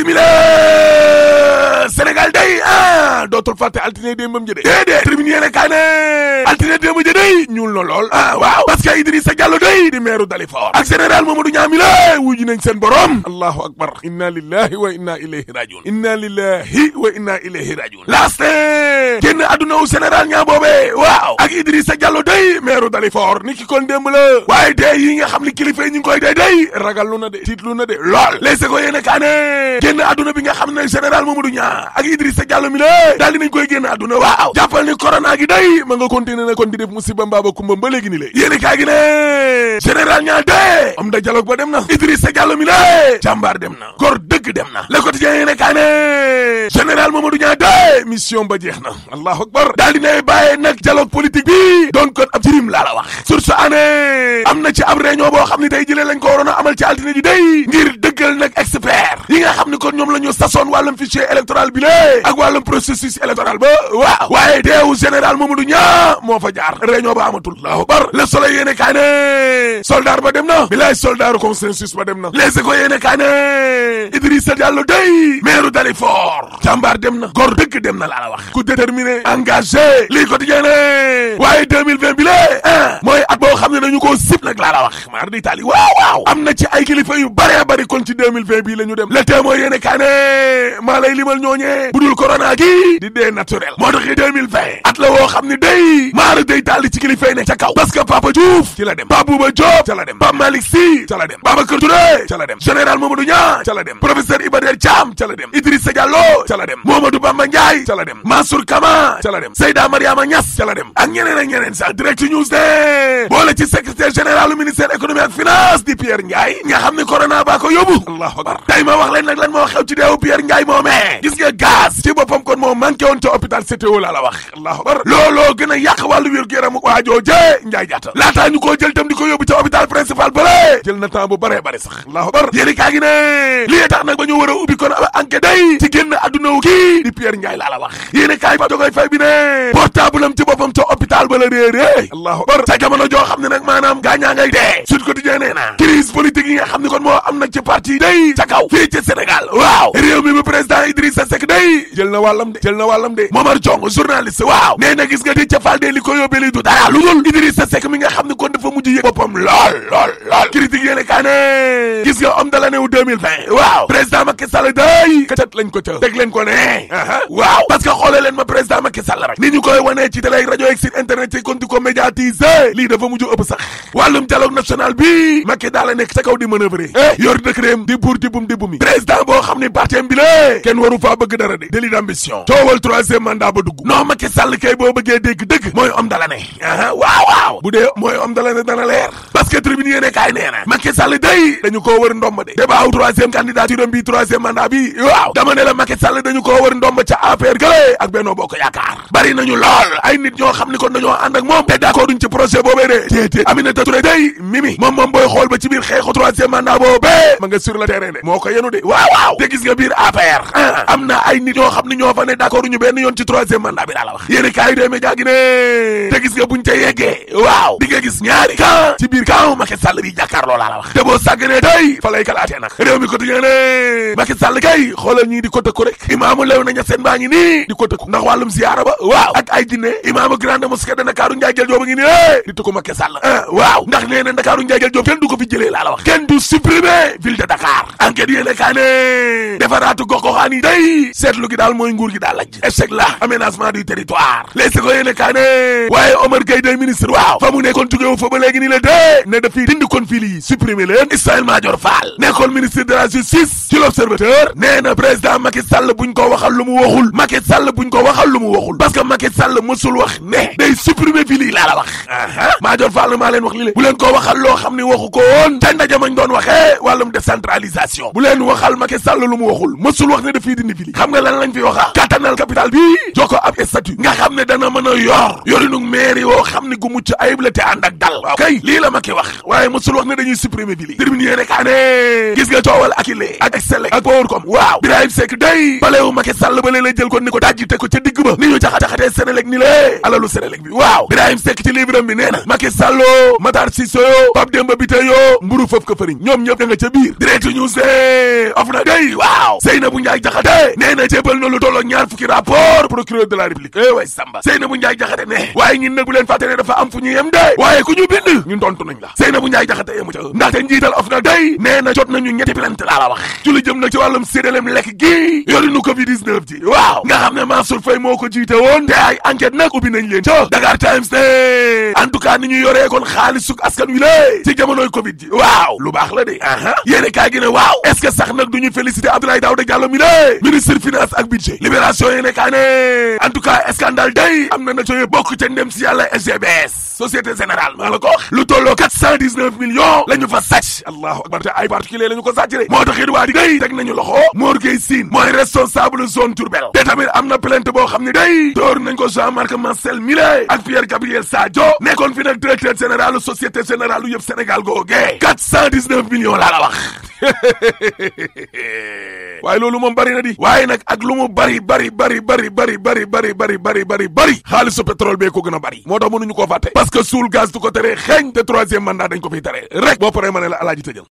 simili ah dootul fàtte altine démbam jëde déedéet tribune yéene kaa ne altine démb jëde ñuul na lool ah waaw parce que Idrissa Diallo day di meeru Dalifort ak général Mamadou Niami la eh, wuju nañ seen borom allahu akbar inna lillahi wa inna ilayhi rajiun inna lillahi wa inna ilayhi rajiun laste, eh, génn adduna wu général ñaa boobee waaw ak Idrissa Diallo day meeru Dalifort ni ki kon démb la waaye dee yi nga xam ne kilifa ñu koy day day ragal lu na de tiit lu na de lool les ko yéene kaa ne génn adduna bi nga xam ne général Mamadou Niang ak Idrissa Diallo mi la daal dinañ koy génn àdduna waaw jàppal ni corona gi day ma nga continuer na kon di def musiba mbaaba kumba ba léegi ni lé yéeni kaay ne général ñaa dee da dialogue ba dem na Idrissa Diallo mi la jàmbaar dem na góor dëgg dem na le quotidien yéene kaay Mamadou Niang de mission ba jeex na allahu akbar daal dinay bàyyee nag dialogue politique bi doon kon ab la wax surse année am na ci ab réunion boo xam ne tey jëlee lañ ko amal ci altine ji day ngir dëggal nag expert yi nga xam ne kon ñoom la ñu sasoon wàllum fichier électoral bi lé ak wàllum processus électoral ba waaw waaye teew général Mamadou Niang moo fa jaar réunion ba amatul allahu akbar le soleil yéene ne soldaar ba dem na bilaay soldaaru consensus ba dem na les éco yéene kaa ne Idrissa Diallo day maire Dalifort jàmbaar dem na góor dëgg dem na laa la wax ku déterminé engagé lii quotidien waaye 2020 bi dañu ko sip nak la la wax mar di tali waaw waaw amna ci ay kilifa yu bare bari kon ci 2020 bi lañu dem le témoin yene kané ma lay limal ñoñé budul corona gi di dé naturel mo tax 2020 at la wo xamni ne mar maar tali ci kilifa ne ca kaw parce que Papa Diouf ci la dem Babu ba Diop ci la dem Bab malik si ci la dem Babacar Touré ci la dem général Mamadou nya ci la dem professeur ibader cham ci la dem Idrissa Diallo ci la dem Mamadou Bamba ndjay ci la dem Mansour Kama ci la dem Seyda Mariama nyass ci la dem ak ñeneen ak ñeneen sax direct news de la ci secrétaire général ministère économie ak finance di Pierre Ndiaye a xam ni corona baa ko yóbbu allahu akbar tey ma wax leen nag lan moo xew ci deewu Pierre Ndiaye moomee gis nga gaz ci boppam kon moo manqué woon ca hôpital CTO laa la wax allahu akbar looloo gën a yàq wàllu wér-gu-yaram waajoo jee Ndiaye jàtta laataa ñu koo jël tam di ko yóbbu ca hôpital principal bële jël na temps bu bëree bëri sax allahu akbar yéeni kaa gi a kaay ba jogoy fay bi ne portable ci boppam gaal ba la réeré allahu akbar ca jamono joo xam ne nag maanaam gaañaa ngay dee Sud Quotidien nee na crise politique yi xam ne kon moo am nag parti day ca fii ci Sénégal waaw réew mi bu président yi day jël na wàllam de jël na wàllam de Momar Jong journaliste waaw nee na gis nga di ca fal de li ko yóbbee du dara lu dul Idrissa Seck mi nga xam ne kon dafa mujj yëg boppam lool lool lool critique yéene kaa ne gis nga homme de l'année 2020 waaw président Macky Sall day kacat lañ ko ca teg leen ko ne waaw parce que xoolee ma président Macky Sall rek ni ñu koy wanee ci télé rajo ak internet yi kon di ko médiatiser lii dafa mujj ëpp sax wàllum dialogue de délit d'ambition coowal troisième mandat ba dugg non Macky Sall kay boo bëggee dégg dëgg mooy homme de l'année waaw waaw bu dee mooy homme de dana leer parce que tribune yéene kaay Sall day dañu koo wër ndomb de débat wu troisième candidature am bi troisième bi waaw dama la Macky Sall dañu koo wër ndomb ca APR gële ak Benno Bokk Yaakaar bari nañu lool ay nit ñoo xam ni kon dañoo ànd ak moom te d'accord ci projet boobee de téeté te gis nga biir nit yoo xam ne ñoo fa ne d'accord ñu benn yoon ci troisième mandat bi daa la wax yéeni kaay dee média gi ne te gis nga buñ ca yeggee waaw di gis ñaari kan ci biir kan Macky Sall bi jàkkaarloo laa la wax te boo sàgganee tey fa lay kalaatee nag réew mi quotidien ne Macky Sall kay xoolal ñii di ko tëkku rek imaamu lew na ña baa ngi nii di ko tëkku ndax wàllum ziyaara ba waaw ak ay jinne imaamu grande mosquée de Ndakaaru Ndiaye Jël Joob a eh, di eh, ko fi jëlee laa la rafetlu gi daal mooy nguur gi daal laj échec la aménagement du territoire les si ko yéene kaa ne waaye Omar Gueye day ministre waaw fa mu nekkoon jógewu fa ba léegi nii la dee ne daf dindi kon fii lii supprimer leen Ismaïla Madior Fall nekkoon ministre de la justice ci l'observateur nee na président Macky Sall buñ ko waxal lu mu waxul Macky Sall buñ ko waxal lu mu waxul parce que Macky Sall mësul wax ne day supprimer fii lii la wax aa Madior Fall maa leen wax bu leen ko waxal loo xam ni waxu ko woon te lan lañ fi waxaa kattanal capital bi jox ko ab statut nga xam ne dana mën a yor yorinu mairie woo xam ne gu mucc ayib la te ànd ak dal waaw kay lii la ma ki wax waaye mosul wax ne dañuy supprimer bi li terminier rek ané gis nga coowal akile ak excelle ak boor kom waaw Birahim Seck day balewu Macky Sall ba léeg-léeg jël ko ni ko dajji te ko ca digg ba ni ñu jaxa-jaxatee Sénélec ni lée alalu Sénélec bi waaw Birahim Seck ci livre bi nee na Macky Sall Matar Cissé yo jébbal na lu tolloo ñaar fukki rapport procureur de la république eh way Samba Seynabou Ndiaye Jaxate ne waaye ñun nag bu leen ne dafa am fu ñu yem de waaye ku ñu bind ñun tontu nañ la Seynabou Ndiaye Jaxate yemu ca ndaxte njiital of na day nee na jot nañu ñetti plainte laa la wax ci jëm nag ci wàllum séddaleem lekk gi yorinu covid 19 ji waaw nga xam ne Mansour Faye moo ko jiite woon te ay nag ubbi nañ leen ca Dakar Times de aha yéene finance ak budget libération en tout cas scandale day am na na coye bokk ca ndem si yàlla SGBS société générale maa la ko wax lu tolloo 419 millions la ñu fa sàcc allahu akbar te ay particulier la ñu ko sàcc de moo tax it waa di day teg nañu loxo Mor Gueye Sine mooy responsable zone Diourbel te tamit am na plainte boo xam ne day door nañ ko Jean Marc Marcel Millet ak Pierre Gabriel Sadio nekkoon fi nag directeur général société générale yëpp Sénégal googee 419 millions waaye loolu moom bari na di waaye nag ak lu mu bari bari bari bari bari bari bari bari bari bari bari xaalisu pétrole bee ko gën a bari moo tax mënuñu koo fàtte parce que suul gaz du ko tere xeeñ te troisième mandat dañ ko fiy tere rek boo paree ma ne la alaaji